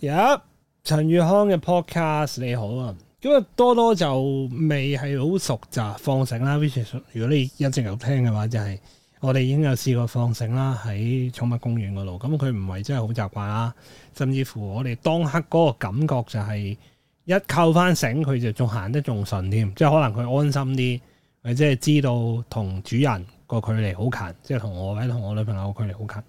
有、yeah, 陳宇康嘅 podcast，你好啊！咁啊多多就未係好熟習放繩啦。Which is, 如果你一直有聽嘅話，就係、是、我哋已經有試過放繩啦，喺寵物公園嗰度。咁佢唔係真係好習慣啦。甚至乎我哋當刻嗰個感覺就係、是、一扣翻繩，佢就仲行得仲順添。即係可能佢安心啲，或者係知道同主人個距離好近，即係同我或者同我女朋友個距離好近。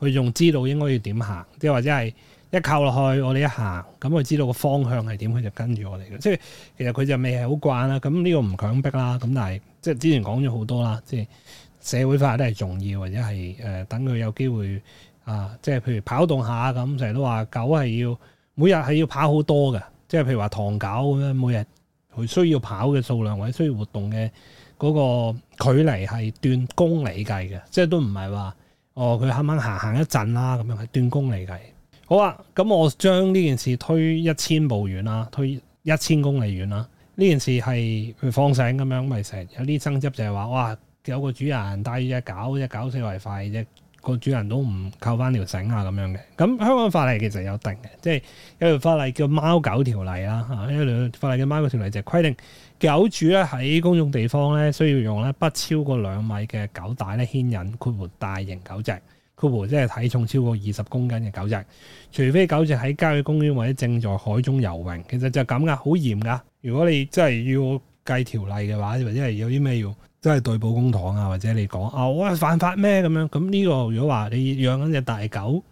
佢仲知道應該要點行，即係或者係。一扣落去，我哋一行，咁佢知道個方向係點，佢就跟住我哋嘅。即係其實佢就未係好慣啦。咁呢個唔強迫啦。咁但係即係之前講咗好多啦。即係社會化都係重要，或者係、呃、等佢有機會啊。即係譬如跑動下咁，成日都話狗係要每日係要跑好多嘅。即係譬如話唐狗咁每日佢需要跑嘅數量或者需要活動嘅嗰個距離係斷公里計嘅。即係都唔係話哦，佢啱啱行行一陣啦咁樣係斷公里計。好啊，咁我將呢件事推一千步遠啦，推一千公里遠啦。呢件事係放醒咁樣，咪成有啲爭執就係話，哇，有個主人帶住隻狗，隻狗死為快啫，個主人都唔扣翻條繩啊咁樣嘅。咁、嗯、香港法例其實有定嘅，即係有一條法例叫貓狗條例啦，嚇、啊，一條法例嘅貓狗條例就係規定，狗主咧喺公眾地方咧，需要用咧不超過兩米嘅狗帶咧牽引，括弧大型狗隻，k u 即係體重超過二十公斤嘅狗隻，除非狗隻喺郊野公園或者正在海中游泳，其實就係咁噶，好嚴噶。如果你真係要計條例嘅話，或者係有啲咩要真係對簿公堂啊，或者你講啊我係犯法咩咁樣？咁呢個如果話你養緊隻大狗。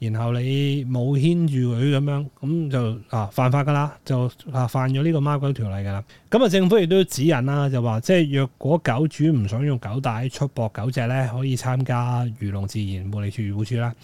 然後你冇牽住佢咁樣，咁就啊犯法㗎喇，就啊犯咗呢個貓狗條例㗎喇。咁啊，政府亦都指引啦、啊，就話即係若果狗主唔想用狗帶出搏狗隻咧，可以參加漁農自然護理處護署啦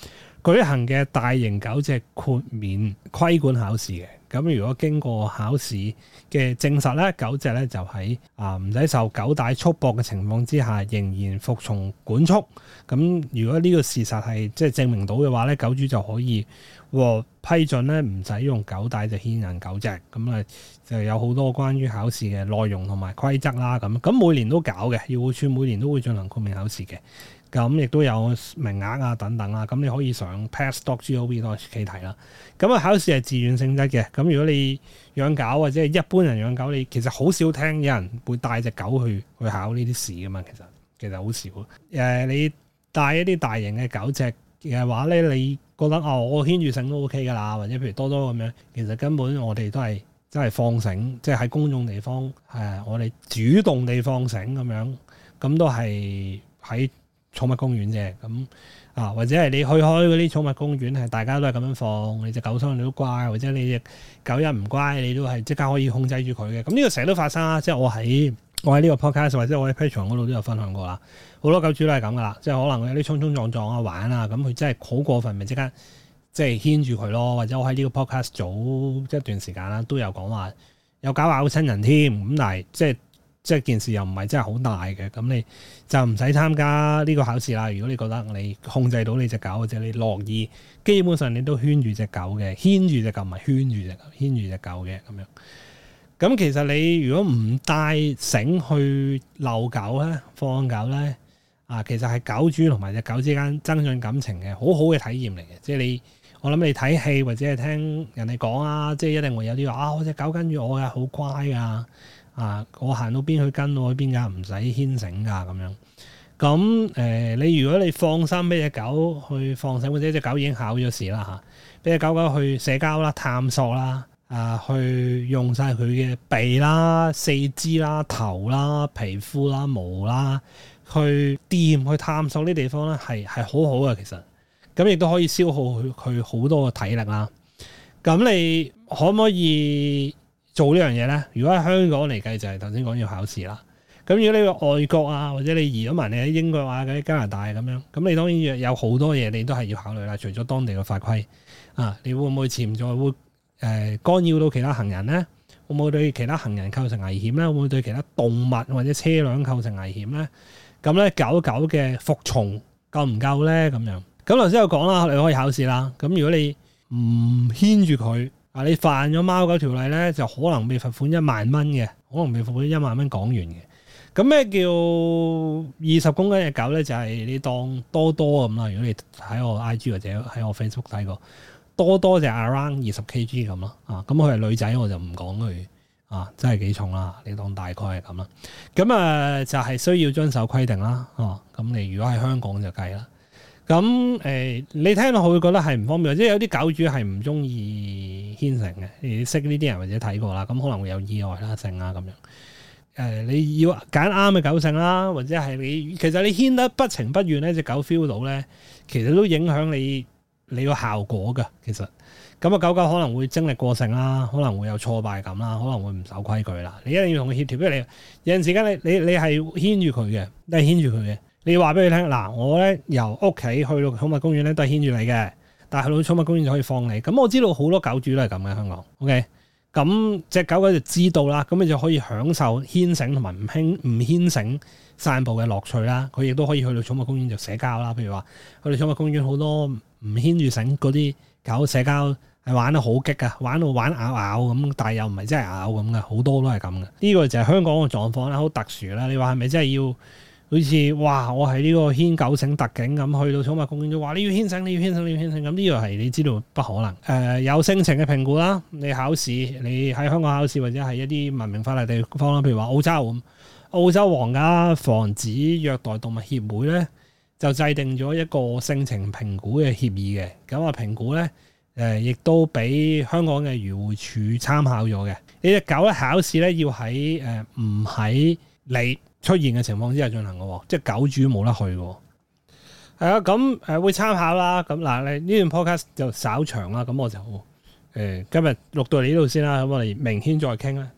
舉行嘅大型狗隻豁免規管考試嘅。咁如果經過考試嘅證實咧，狗隻咧就喺啊唔使受狗帶束縛嘅情況之下，仍然服從管束。咁如果呢個事實係即係證明到嘅話咧，狗主就可以。哦、批准咧唔使用狗帶就牽引狗隻，咁啊就有好多關於考試嘅內容同埋規則啦。咁咁每年都搞嘅，漁護署每年都會進行全面考試嘅。咁亦都有名額啊等等啦、啊。咁你可以上 pass.gov 度睇啦。咁啊考試係自願性質嘅。咁如果你養狗或者係一般人養狗，你其實好少聽有人會帶隻狗去去考呢啲試㗎嘛。其實其實好少。誒、呃、你帶一啲大型嘅狗隻嘅話咧，你覺得啊、哦，我牽住繩都 OK 㗎啦，或者譬如多多咁樣，其實根本我哋都係即係放繩，即係喺公眾地方，係我哋主動地放繩咁樣，咁都係喺寵物公園啫。咁啊，或者係你去開嗰啲寵物公園，係大家都係咁樣放，你隻狗商你都乖，或者你隻狗人唔乖，你都係即刻可以控制住佢嘅。咁呢個成日都發生啦，即係我喺。我喺呢個 podcast 或者我喺 patreon 度都有分享過啦，好多狗主都係咁噶啦，即係可能有啲衝衝撞撞啊玩啊，咁佢真係好過分咪即刻即係牽住佢咯，或者我喺呢個 podcast 早一段時間啦都有講話，有搞咬親人添，咁但係即係即係件事又唔係真係好大嘅，咁你就唔使參加呢個考試啦。如果你覺得你控制到你隻狗或者你樂意，基本上你都牽住隻狗嘅，牽住隻狗咪係牽住隻牽住隻狗嘅咁樣。咁其實你如果唔帶繩去遛狗咧、放狗咧，啊，其實係狗主同埋隻狗之間增進感情嘅，好好嘅體驗嚟嘅。即係你，我諗你睇戲或者係聽人哋講啊，即係一定會有啲話啊，我隻狗跟住我呀，好乖啊！啊，我行到邊去跟到去邊噶，唔使牽繩噶咁樣。咁你、呃、如果你放心俾隻狗去放繩或者隻狗已經考咗試啦嚇，俾隻狗狗去社交啦、探索啦。啊！去用晒佢嘅鼻啦、四肢啦、頭啦、皮膚啦、毛啦，去掂去探索呢地方咧，係係好好嘅，其實咁亦都可以消耗佢佢好多嘅體力啦。咁、嗯、你可唔可以做樣呢樣嘢咧？如果喺香港嚟計、就係，就係頭先講要考試啦。咁、嗯、如果你個外國啊，或者你移咗埋你喺英國啊、嗰啲加拿大咁樣，咁、嗯、你當然有好多嘢，你都係要考慮啦。除咗當地嘅法規啊，你會唔會潛在會誒干擾到其他行人咧，會唔會對其他行人構成危險咧？會唔會對其他動物或者車輛構成危險咧？咁咧，狗狗嘅服從夠唔夠咧？咁樣，咁頭先有講啦，你可以考試啦。咁如果你唔牽住佢，啊，你犯咗貓狗條例咧，就可能被罰款一萬蚊嘅，可能被罰款一萬蚊港元嘅。咁咩叫二十公斤嘅狗咧？就係你當多多咁啦。如果你喺我 IG 或者喺我 Facebook 睇過。多多就 around 二十 Kg 咁咯，啊咁佢係女仔，我就唔講佢，啊真係幾重啦，你當大概係咁啦。咁啊就係、是、需要遵守規定啦，哦、啊、咁、嗯、你如果喺香港就計啦。咁、嗯呃、你聽落去會覺得係唔方便，即係有啲狗主係唔中意牽繩嘅，你識呢啲人或者睇過啦，咁、啊、可能會有意外啦、性啊咁樣、呃。你要揀啱嘅狗性啦，或者係你其實你牽得不情不願呢隻狗 feel 到咧，其實都影響你。你個效果嘅，其實咁啊，噉個、狗狗可能會精力過剩啦，可能會有挫敗感啦，可能會唔守規矩啦。你一定要同佢協調，俾你有陣時間你你你係牽住佢嘅，你係牽住佢嘅，你話俾佢聽嗱，我咧由屋企去到寵物公園咧都係牽住你嘅，但係去到寵物公園就可以放你。咁我知道好多狗主都係咁嘅香港，OK？咁隻狗狗就知道啦，咁你就可以享受牽繩同埋唔牽唔牽繩散散步嘅樂趣啦。佢亦都可以去到寵物公園就社交啦，譬如話去到寵物公園好多。唔牽住繩嗰啲狗社交係玩得好激噶，玩到玩咬咬咁，但係又唔係真係咬咁嘅。好多都係咁嘅。呢、這個就係香港嘅狀況啦，好特殊啦。你話係咪真係要好似哇？我係呢個牽狗繩特警咁，去到寵物公園都話你要牽繩，你要牽繩，你要牽繩咁？呢、這個係你知道不可能。誒、呃，有性情嘅評估啦，你考試，你喺香港考試或者係一啲文明法例地方啦，譬如話澳洲咁，澳洲皇家防止虐待動物協會咧。就制定咗一個性情評估嘅協議嘅，咁啊評估咧、呃，亦都俾香港嘅漁護署參考咗嘅。呢隻狗咧考試咧要喺唔喺你出現嘅情況之下進行嘅？即係狗主冇得去喎。係啊，咁、啊、誒會參考啦。咁、啊、嗱，你呢段 podcast 就稍長啦。咁我就誒、呃、今日錄到你呢度先啦。咁我哋明天再傾啦。